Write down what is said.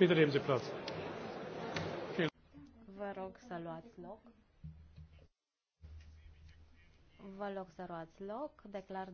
Bitte nehmen Sie Platz. Vă rog să luați loc. Vă rog să luați loc. Declar